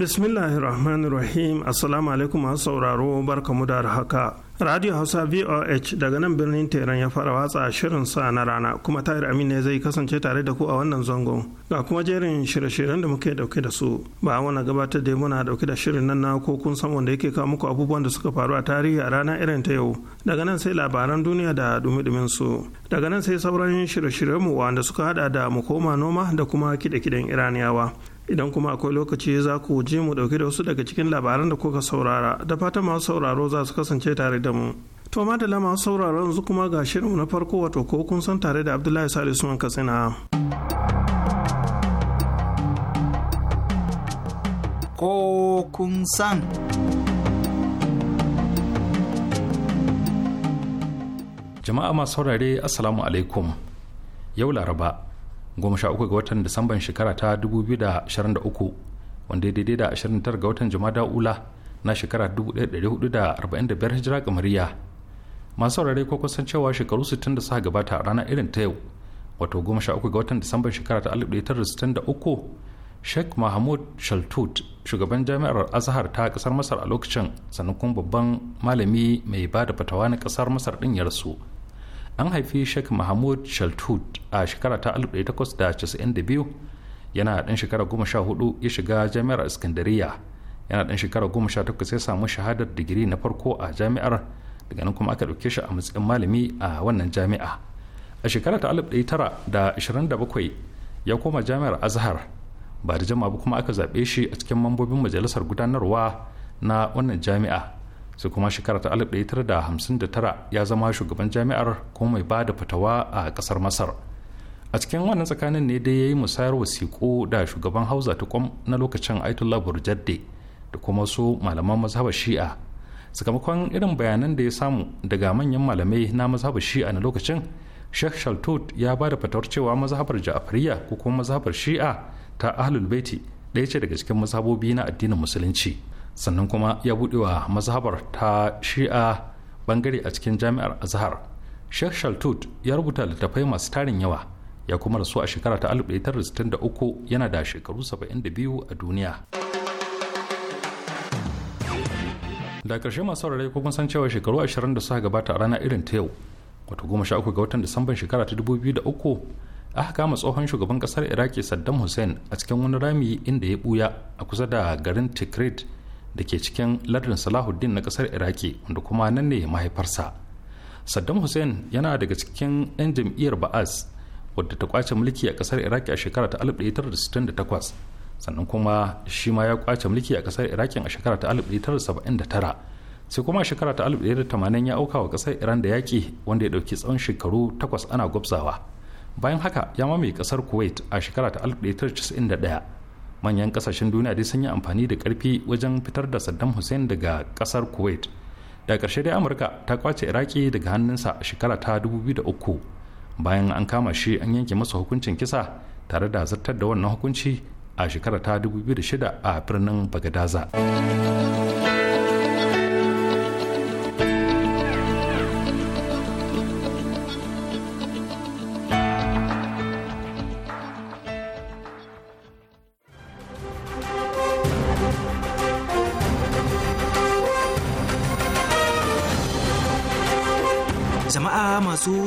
Bismillahirrahmanirrahim Assalamu alaikum masu sauraro barkamu da haka. Radio Hausa VOH daga nan birnin Teran ya fara watsa shirin sa na rana kuma Tahir aminu ne zai kasance tare da ku a wannan zangon. Ga kuma jerin shirye-shiryen da muke dauke da su. Ba wani gabatar da muna dauke da shirin nan na ko kun san wanda yake kawo muku abubuwan da suka faru a tarihi a rana irin ta yau. Daga nan sai labaran duniya da dumi-dumin su. Daga nan sai sauran shirye-shiryen mu wanda suka hada da mu koma noma da kuma kide-kiden Iraniyawa. idan kuma akwai lokaci za ku je mu dauke da wasu daga cikin labaran da kuka saurara da fata masu sauraro za su kasance tare da mu to ma da lama sauraro yanzu kuma ga shirinmu na farko wato ko kun san tare da abdullahi salisu usman katsina ko kun san jama'a masu saurare assalamu alaikum yau laraba goma sha uku ga watan disamban shekara ta 2023 wanda ya daidai da 29 ga watan jumada ula na shekara 1445 hijira kamariya masu saurare ko kusan cewa shekaru 60 da suka gabata a ranar irin ta yau wato goma sha uku ga watan disamban shekara ta 1963 sheikh mahmud shaltut shugaban jami'ar azhar ta kasar masar a lokacin sannan kuma babban malami mai ba da fatawa na kasar masar din ya rasu an haifi sheikh mahmud shaltut a shekara ta 1892 yana ɗan shekara 14 ya shiga jami'ar iskandariya yana ɗan shekara 18 ya samu shahadar digiri na farko a jami'ar daga nan kuma aka ɗauke shi a matsayin malami a wannan jami'a a shekara ta 1927 ya koma jami'ar azhar ba da jama'a kuma aka zaɓe shi a cikin mambobin majalisar gudanarwa na wannan jami'a su kuma shekara ta 1959 ya zama shugaban jami'ar kuma mai ba da fatawa a kasar masar a cikin wannan tsakanin ne dai ya yi musayar wasiƙo da shugaban hausa ta kwam na lokacin aitullah burjadde da kuma su malaman mazhabar shi'a sakamakon irin bayanan da ya samu daga manyan malamai na mazhabar shi'a na lokacin sheikh shaltut ya ba da fatawar cewa mazhabar ja'afariya ko kuma mazhabar shi'a ta ahlul baiti ɗaya ce daga cikin mazhabobi na addinin musulunci sannan kuma ya buɗe wa mazhabar ta shi'a bangare a cikin jami'ar azhar sheikh shaltut ya rubuta littattafai masu tarin yawa ya kuma rasu a shekara ta 1963 yana da shekaru 72 a duniya da ƙarshe masu saurare ko kun san cewa shekaru 20 da suka gabata a rana irin ta yau wato goma ga watan disamban shekara ta 2003 aka kama tsohon shugaban kasar iraki saddam hussein a cikin wani rami inda ya buya a kusa da garin tikrit da ke cikin lardin salahuddin na kasar iraki wanda kuma nan ne mahaifarsa saddam hussein yana daga cikin 'yan jam'iyyar ba'az wadda ta kwace mulki a kasar iraki a shekara ta 1968 sannan kuma shi ma ya kwace mulki a kasar iraki a shekara ta 1979 sai kuma a shekara ta 1980 ya auka wa kasar iran da yaƙi wanda ya ɗauki tsawon shekaru takwas ana gwabzawa bayan haka ya mamaye kasar kuwait a shekara ta 1991 manyan kasashen duniya dai sun yi amfani da karfi wajen fitar da saddam hussein daga kasar kuwait da ƙarshe dai amurka ta kwace iraki daga hannunsa a shekara ta 2003 bayan an kama shi an yanke masa hukuncin kisa tare da zartar da wannan hukunci a shekara ta 2006 a birnin bagadaza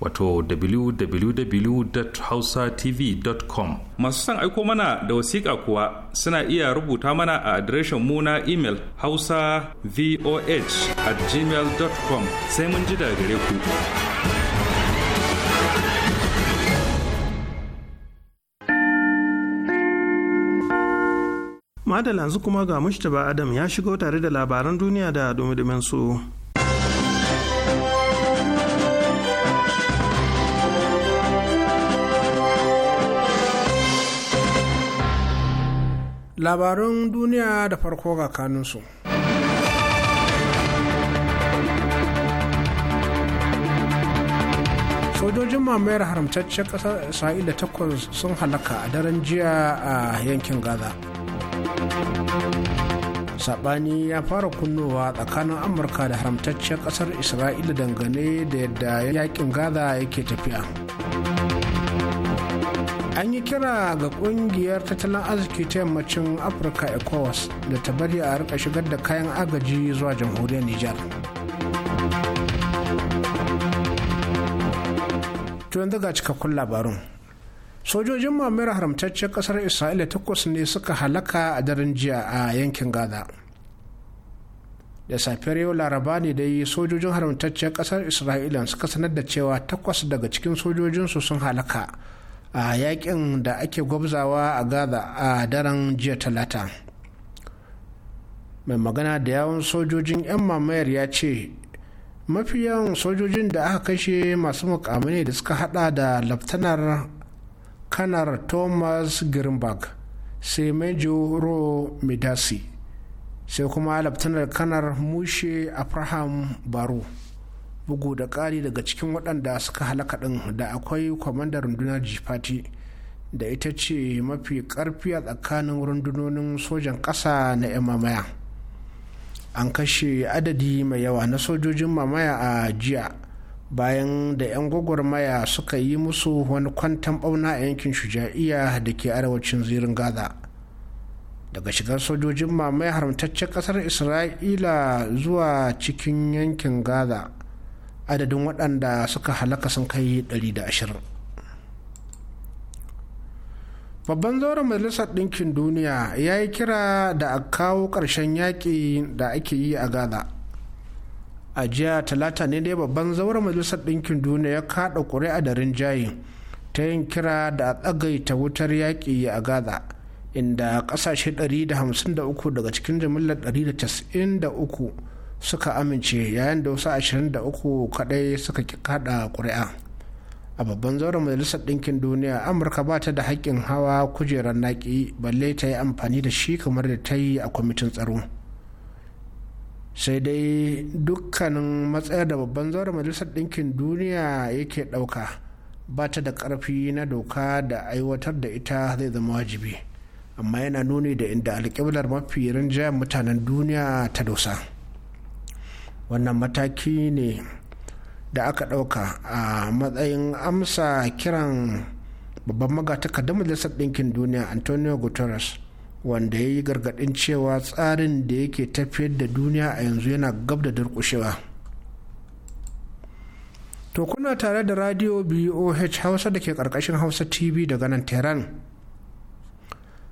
wato www.hausatv.com masu son aiko mana da wasiƙa kuwa suna iya rubuta mana a adireshin mu na imel hausa voh at gmail.com sai mun ji daga gare ku madalla yanzu kuma ga mushtaba adam ya shigo tare da labaran duniya da dumi su. labaran duniya da farko ga kanunsu sojojin mamayar haramtaccen ƙasar isra'ila takwas sun halaka a daren jiya a yankin gaza sabani ya fara kunnowa tsakanin amurka da haramtaccen ƙasar isra'ila dangane da yadda yakin gaza yake tafiya an yi kira ga kungiyar tattalin arziki ta yammacin afirka ecowas da ta bari a rika shigar da kayan agaji zuwa jamhuriyar nijar to yanzu ga cikakkun labarun sojojin mamayar haramtacce kasar isra'ila takwas ne suka halaka a daren jiya a yankin gaza da safiyar yau laraba ne da yi sojojin haramtacce kasar isra'ila suka sanar da cewa takwas daga cikin sojojinsu sun halaka a yakin da ake gwabzawa a gaza a daren jiya talata mai magana da yawon sojojin 'yan mamayar ya ce mafi yawan sojojin da aka kashe masu mukamai da suka hada da laftanar kanar thomas greenberg sai major ro midasi sai kuma laftanar kanar mushe abraham baro bugu da ƙari daga cikin waɗanda suka halaka ɗin da akwai kwamandar rundunar jifati da ita ce mafi ƙarfi a tsakanin rundunonin sojan ƙasa na 'yan mamaya an kashe adadi mai yawa na sojojin mamaya a jiya bayan da 'yan gwagwarmaya suka yi musu wani kwantan ɓauna a yankin shuja'iya da ke arewacin zirin gaza daga shigar sojojin mamaya haramtaccen ƙasar isra'ila zuwa cikin yankin gaza adadin waɗanda suka halaka sun kai 120 babban zauren majalisar ɗinkin duniya ya yi kira da a kawo ƙarshen yaƙi da ake yi a gaza a jiya talata ne dai babban zauren majalisar ɗinkin duniya ya kaɗa ƙuri'a da rinjaye ta yin kira da a tsagaita wutar yaƙi a gaza inda ƙasashe 153 daga cikin jimillar 193 suka amince yayin da wasu 23 kadai suka kada ƙuri'a a babban zauren majalisar ɗinkin duniya amurka ba ta da haƙƙin hawa kujerar naƙi balle ta yi amfani da shi kamar da ta yi a kwamitin tsaro sai dai dukkanin matsayar da babban zauren majalisar ɗinkin duniya yake ɗauka ba ta da ƙarfi na doka da aiwatar da ita zai zama wajibi amma yana nuni da inda alƙiblar mafi rinjayen mutanen duniya ta dosa. wannan mataki ne da aka ɗauka a matsayin amsa kiran babban da majalisar ɗinkin duniya antonio guterres wanda ya yi gargaɗin cewa tsarin da yake tafiyar da duniya a yanzu yana gab da durƙushewa to kuna tare da radio boh hausa da ke ƙarƙashin hausa tv daga nan tehran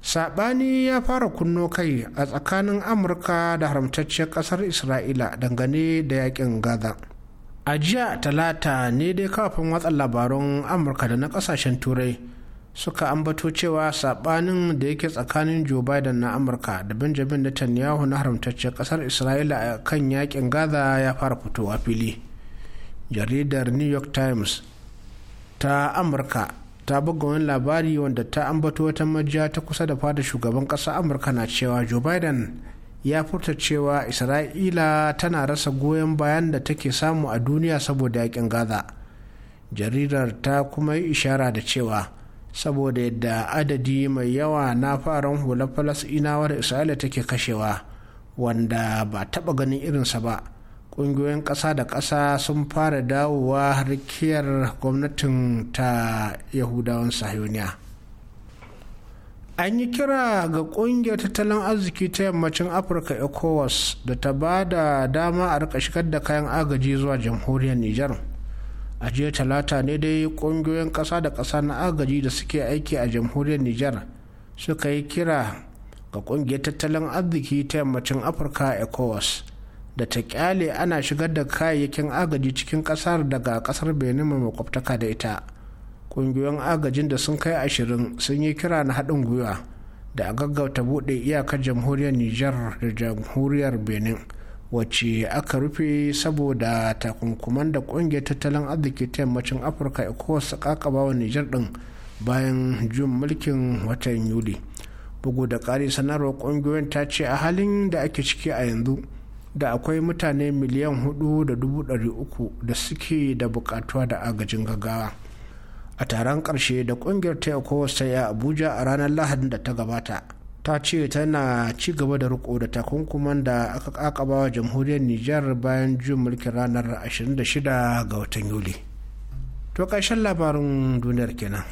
sabani ya fara kunno kai a tsakanin amurka da haramtacciyar kasar isra'ila dangane da yakin gaza a jiya talata ne dai kafin watsa labarun amurka da na kasashen turai suka ambato cewa sabanin da yake tsakanin joe biden na amurka da benjamin netanyahu na haramtacciyar kasar isra'ila a kan yakin gaza ya fara a fili jaridar new york times ta amurka ta buga wani labari wanda ta ambato wata majiya ta kusa da fada shugaban ƙasa amurka na cewa joe biden ya furta cewa isra'ila tana rasa goyon bayan da take samu a duniya saboda yakin gaza jaridar ta kuma yi ishara da cewa saboda yadda adadi mai yawa na faran hular falasɗinawa da isra'ila take kashewa wanda ba taba ganin irinsa ba ƙungiyoyin ƙasa da ƙasa sun fara dawowa rikiyar gwamnatin ta yahudawan sahiyoniya an yi kira ga ƙungiyar tattalin arziki ta yammacin afirka ecowas da ta ba da dama a rika shigar da kayan agaji zuwa jamhuriyar nijar a jiya talata ne dai ƙungiyoyin ƙasa da ƙasa na agaji da suke aiki a jamhuriyar nijar suka yi kira ga ƙungiyar tattalin arziki ta yammacin afirka ecowas da ta kyale ana shigar da kayayyakin agaji cikin kasar daga kasar benin mai makwabtaka da ita ƙungiyoyin agajin da sun kai ashirin sun yi kira na haɗin gwiwa da a gaggauta buɗe iyakar jamhuriyar niger da jamhuriyar benin wacce aka rufe saboda takunkuman da ƙungiyar tattalin arziki ta yammacin afirka ecowas kakabawa niger ɗin bayan jun mulkin watan yuli bugu da ƙari sanarwar ƙungiyoyin ta ce a halin da ake ciki a yanzu da akwai mutane miliyan hudu da dubu ɗari uku da suke da bukatuwa da agajin gaggawa a taron ƙarshe da ƙungiyar ta yi a abuja a ranar lahadin da ta gabata ta ce tana ci gaba da riko da takunkuman da aka kakaba wa jamhuriyar nijar bayan jin mulkin ranar 26 ga watan yuli to karshen labarin duniyar kenan.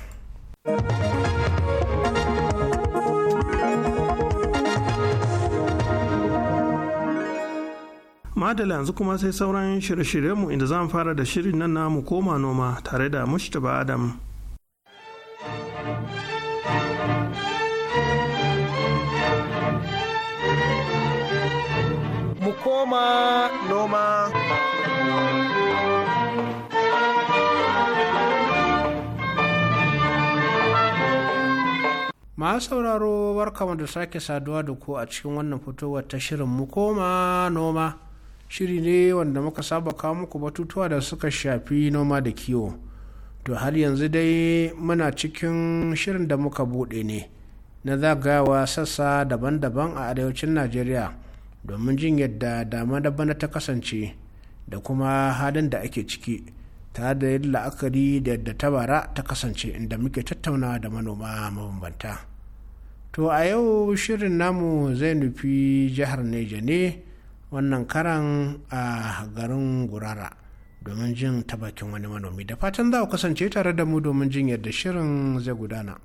madala yanzu kuma sai sauran shirye-shiryenmu inda za mu fara da shirin nan namu koma noma tare da mushtaba adam mu koma noma Ma sauraro barkamu da sake saduwa da ku a cikin wannan fitowar ta shirin mu koma noma shiri ne wanda muka saba kawo muku batutuwa da suka shafi noma da kiwo to har yanzu dai muna cikin shirin da muka buɗe ne na zagayawa sassa daban-daban a arewacin najeriya domin jin yadda dama da bana ta kasance da kuma halin da ake ciki tare da yin la'akari da yadda tabara ta kasance inda muke tattaunawa da manoma mabambanta to a yau shirin namu zai nufi jihar neja ne wannan karan a garin gurara domin jin ta bakin wani manomi da fatan za ku kasance tare da mu domin jin yadda shirin zai gudana.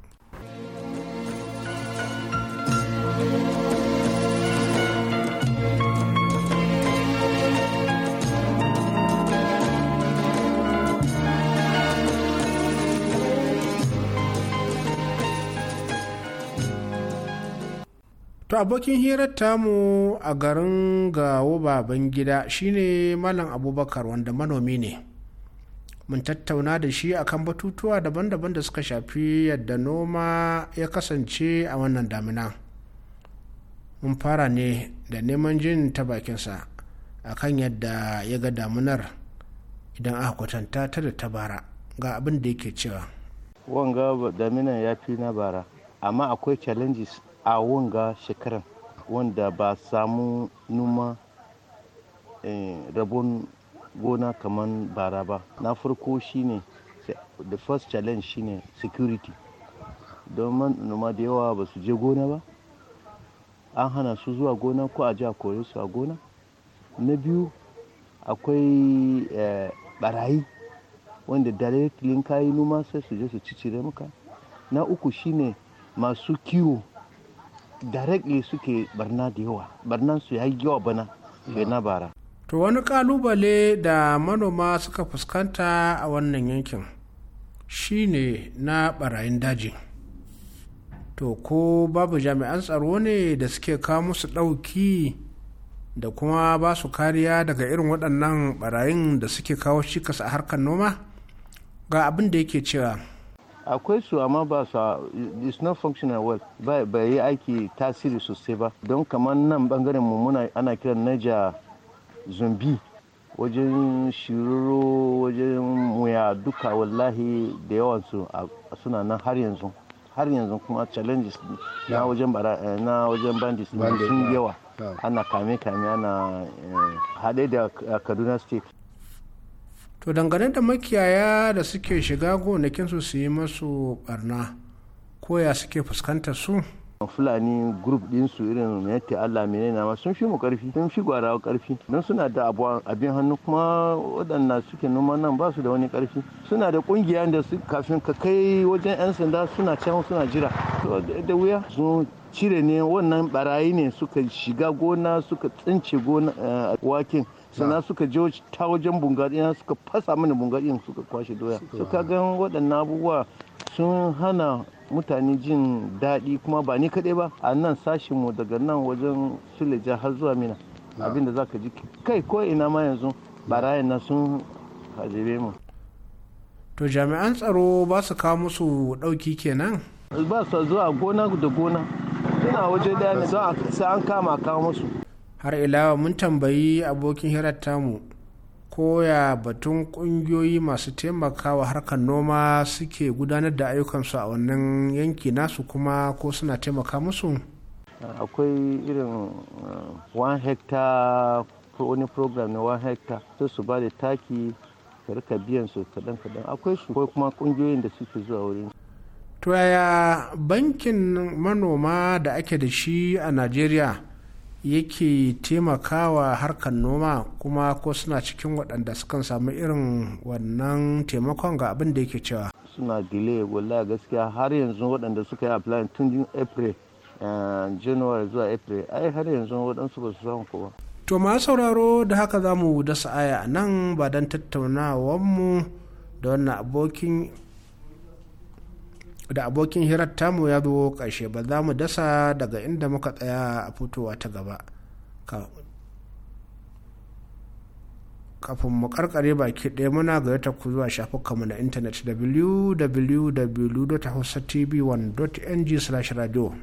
To abokin hirar tamu a garin gawo baban gida shine Malam Abubakar wanda manomi ne. Mun tattauna da shi akan batutuwa daban-daban da suka shafi yadda noma ya kasance a wannan damina. Mun fara ne da neman jin ta bakinsa akan yadda ya ga damunar idan aka kwatanta ta da ta bara ga abin da yake cewa. Wanga daminan ya fi na bara, amma akwai challenges a wanga shekaran wanda ba samu numa eh, rabon gona kamar bara ba na farko shine the first challenge shine security don manoma da yawa ba su je gona ba an hana su zuwa gona ko a ja kore su a gona na biyu akwai eh, barayi wanda dalilin kayi noma sai su je su cicire maka na uku shine masu kiwo direct ne suke barna da yawa barnan su yi yawa bana bai na bara to wani kalubale da manoma suka fuskanta a wannan yankin shine na barayin daji to ko babu jami'an tsaro ne da suke kawo musu ɗauki da kuma ba su kariya daga irin waɗannan barayin da suke kawo cikas a harkar noma ga abin da yake cewa akwai su amma ba su it's not functional well ba yi aiki tasiri sosai ba don kamar nan bangaren mu muna ana kiran naja zumbi wajen shiruru wajen muya duka wallahi da yawan su suna nan har yanzu har yanzu kuma challenges na eh, wajen bandits sun yawa ana kame kame ana eh, hade da kaduna state to dangane da makiyaya da suke shiga gonakinsu su su yi masu barna ko ya suke fuskantar su fulani group din su irin yadda allah menene ma sun fi mu karfi sun fi gwara karfi don suna da abin hannu kuma waɗanda suke noma nan ba su da wani karfi suna da kungiya da su kafin ka kai wajen 'yan sanda suna can suna jira da wuya sun cire ne wannan barayi ne suka shiga gona suka tsince gona eh, waken sannan suka je ta wajen bungadina suka fasa mana bungadin suka kwashe doya suka ga waɗannan abubuwa sun hana mutane jin daɗi kuma ba ni kaɗai ba a nan sashinmu daga nan wajen suleja har zuwa mina abinda za ka ji kai ko ina ma yanzu barayan na sun hajjebe mu to jami'an tsaro ba su kawo musu ɗauki kenan ba su zuwa gona da gona suna waje daya ne don an kama kawo musu har ilawa mun tambayi abokin hirar tamu koya batun kungiyoyi masu taimakawa harkar noma suke gudanar da ayyukansu a wannan yanki nasu kuma ko suna taimaka musu akwai irin eh, one hectare wani program na one hectare sai su ba da taki ka biyan su kadan kadan akwai su ko kuma kungiyoyin da suke zuwa wurin to yaya bankin manoma da ake da shi a najeriya yake taimakawa harkar noma kuma ko suna cikin waɗanda sukan samu irin wannan taimakon ga abin da yake cewa suna delay wallahi gaskiya har yanzu waɗanda suka yi applying tun april eh, january zuwa april ai har yanzu waɗansu ba su samu ko ba to ma sauraro da haka za mu dasa aya a nan ba don mu da wannan abokin da abokin hirar tamu ya zo ƙarshe ba za mu dasa daga inda muka tsaya a fitowa ta gaba kafin mu karkare baki ɗaya muna gayyata ku zuwa shafukanmu na intanet www.hausatv1.ng/radio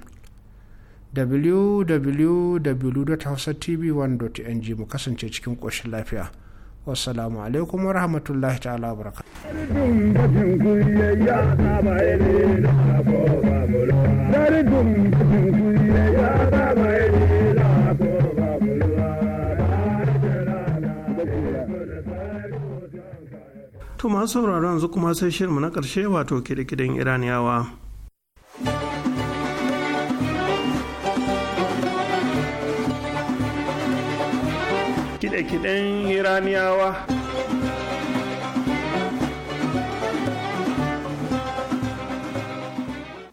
www.hausatv1.ng mu kasance cikin ƙoshin lafiya. wasalamu alaikum warahmatullahi rahmatullahi ta'ala wa barakatuh. masu sauraron yanzu kuma sai shirmu na ƙarshe wato kide Iraniyawa. kiɗe-kiɗen iraniyawa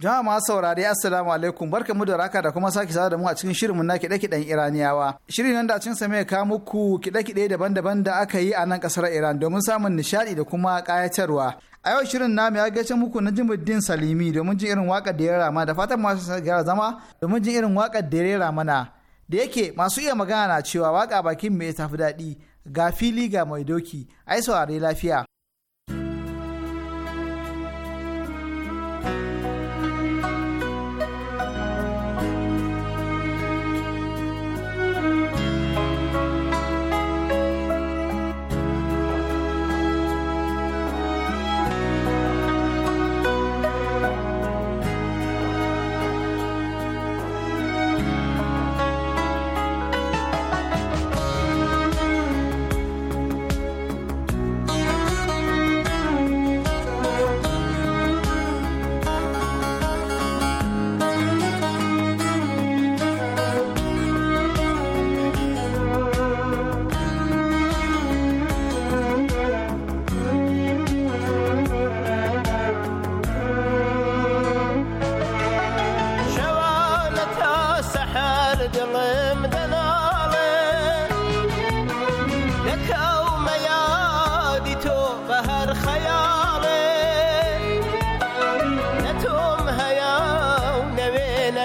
jama'a masu saurari assalamu alaikum barka mu da raka da kuma sake sada da mu a cikin shirinmu na kiɗe-kiɗen iraniyawa shirin nan da cin sa mai kawo muku kiɗe-kiɗe daban-daban da aka yi a nan ƙasar iran domin samun nishaɗi da kuma ƙayatarwa a yau shirin na ya gaishe muku na jimuddin salimi domin jin irin waƙar da ya rama da fatan masu gyara zama domin jin irin waƙar da ya rama na da yake masu iya magana na cewa waka bakin mai tafi daɗi ga fili ga mai doki ai saurare lafiya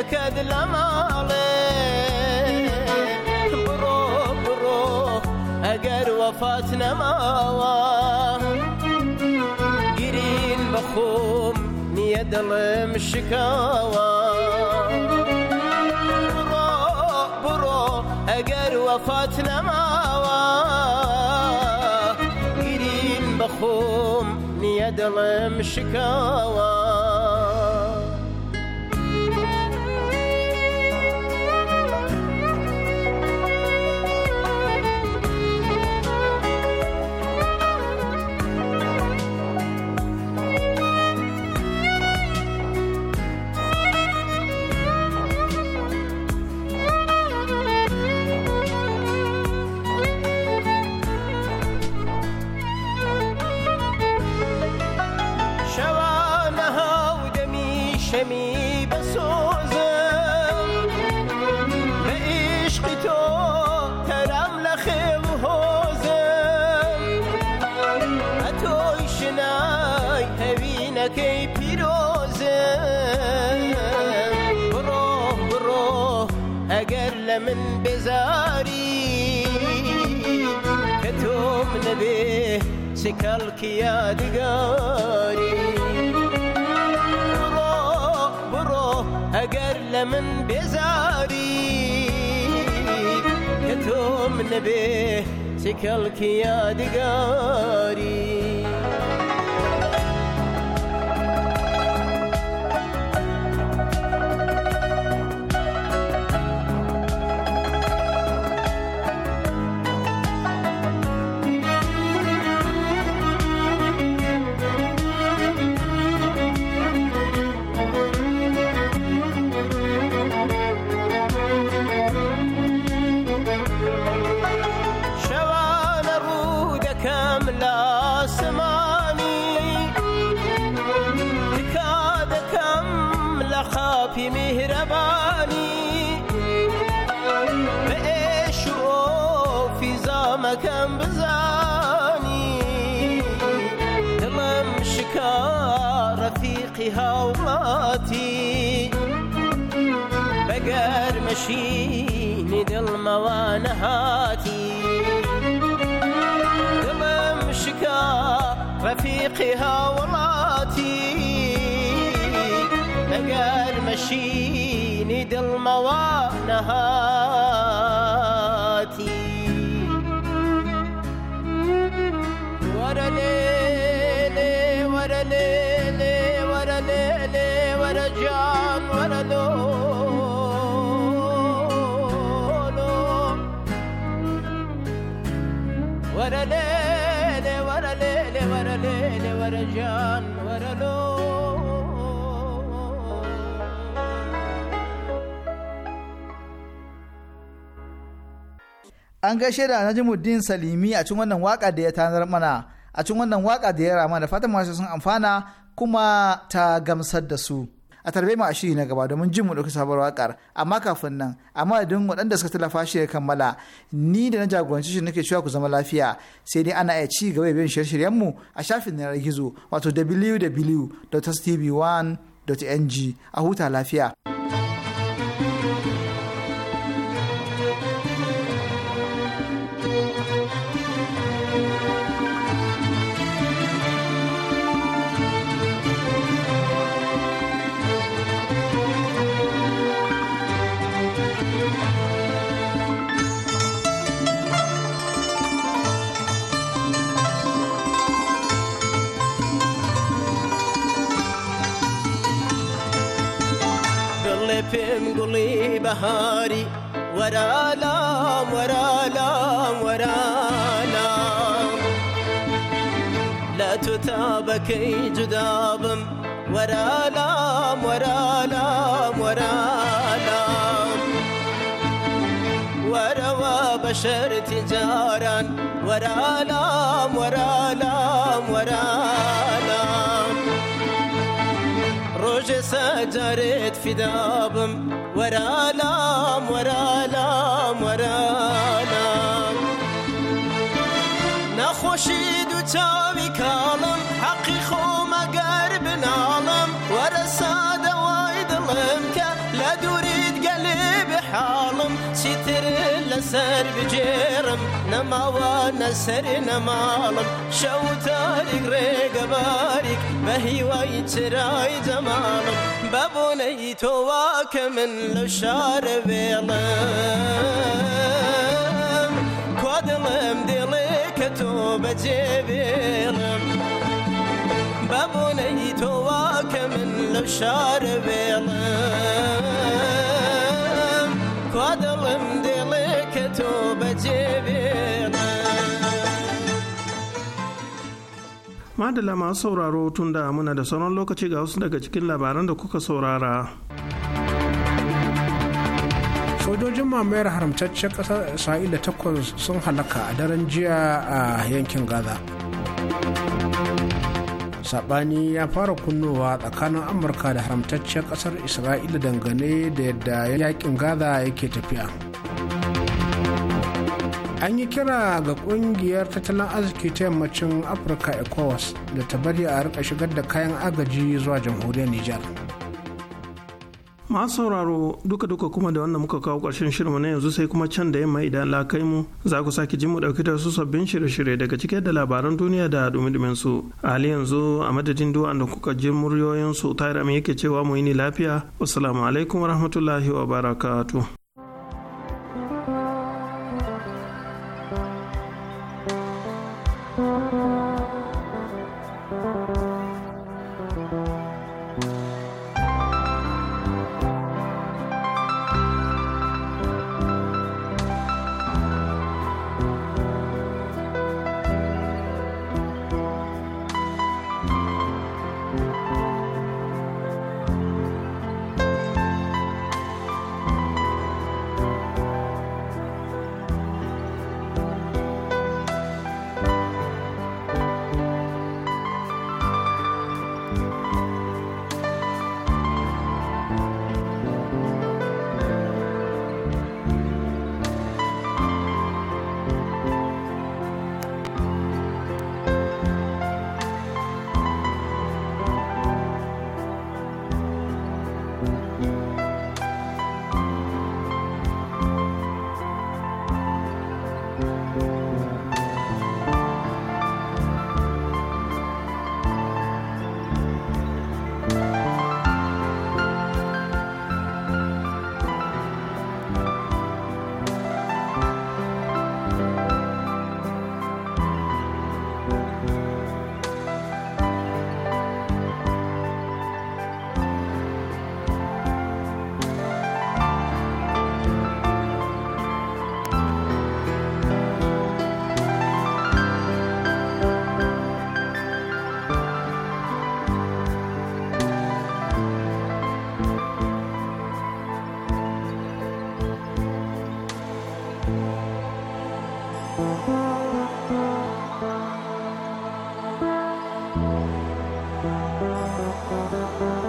دەکەت لە ماڵێ بڕۆ بڕۆ ئەگەر وەفات نەماوە گرین بەخۆم نییە دەڵێم شکاوە بڕۆ بڕۆ ئەگەر وەفات نەماوە گرین بەخۆم نییە دەڵێم شکاوە چه می بسوزم به عشق تو ترم لخم حوزم اتوی شنای نکی پیروزم برو برو اگر لمن بزاری که تو من سکل کیا من بزاري كتوم نبي سكلك يا دقاري uh-huh. an gaishe da jimuddin Salimi a cikin wannan waka da ya tanar mana a cikin wannan waka da ya rama da fatan masu sun amfana kuma ta gamsar da su a tarbe mu a shiri na gaba domin jin mu ɗauki sabuwar wakar amma kafin nan amma da waɗanda suka tallafa shi ya kammala ni da na jagoranci shi nake cewa ku zama lafiya sai dai ana iya ci gaba bin shirye-shiryen mu a shafin yanar gizo wato www.tv1.ng a huta lafiya. نهاري ورا لام ورا لام ورا لام لا تتابكي جدابم ورا لام ورا لام ورا لام ورا بشر تجارا ورا لام وجسى في دابم ورا لام ورا لام ورا لام نخوشید و چاوی كالم حقي خو قرب نالم ورسا وايد لمكة لا دوريد قلب حالم چیتر لسر بجرم نەماوانە سەر نەماڵم شەو تاریک ڕێگە باریک بە هیوای چرای جەماڵم بەبوونەی تۆواکە من لە شارە وێڵم کۆدڵم دێڵێ کە تۆ بەجێبێڵم بەبوونەی تۆواکە من لە شارە وێڵم madala masu sauraro tun da muna da sauran lokaci ga wasu daga cikin labaran da kuka saurara sojojin mamayar haramtaccen ƙasar isra'ila takwas sun halaka a daren jiya a yankin gaza sabani ya fara kunnowa tsakanin amurka da haramtaccen kasar isra'ila dangane da yadda yakin gaza yake tafiya an yi kira ga kungiyar tattalin arziki ta yammacin afirka ecowas da ta bari a rika shigar da kayan agaji zuwa jamhuriyar nijar masu sauraro duka duka kuma da wannan muka kawo ƙarshen shirinmu na yanzu sai kuma can da yamma idan lakai mu za ku sake ji mu ɗauki da su sabbin shirye-shirye daga cike da labaran duniya da dumi su a hali yanzu a madadin duwa da kuka ji muryoyin su tare yake cewa mu yi ni lafiya wassalamu alaikum wa barakatu. Thank you.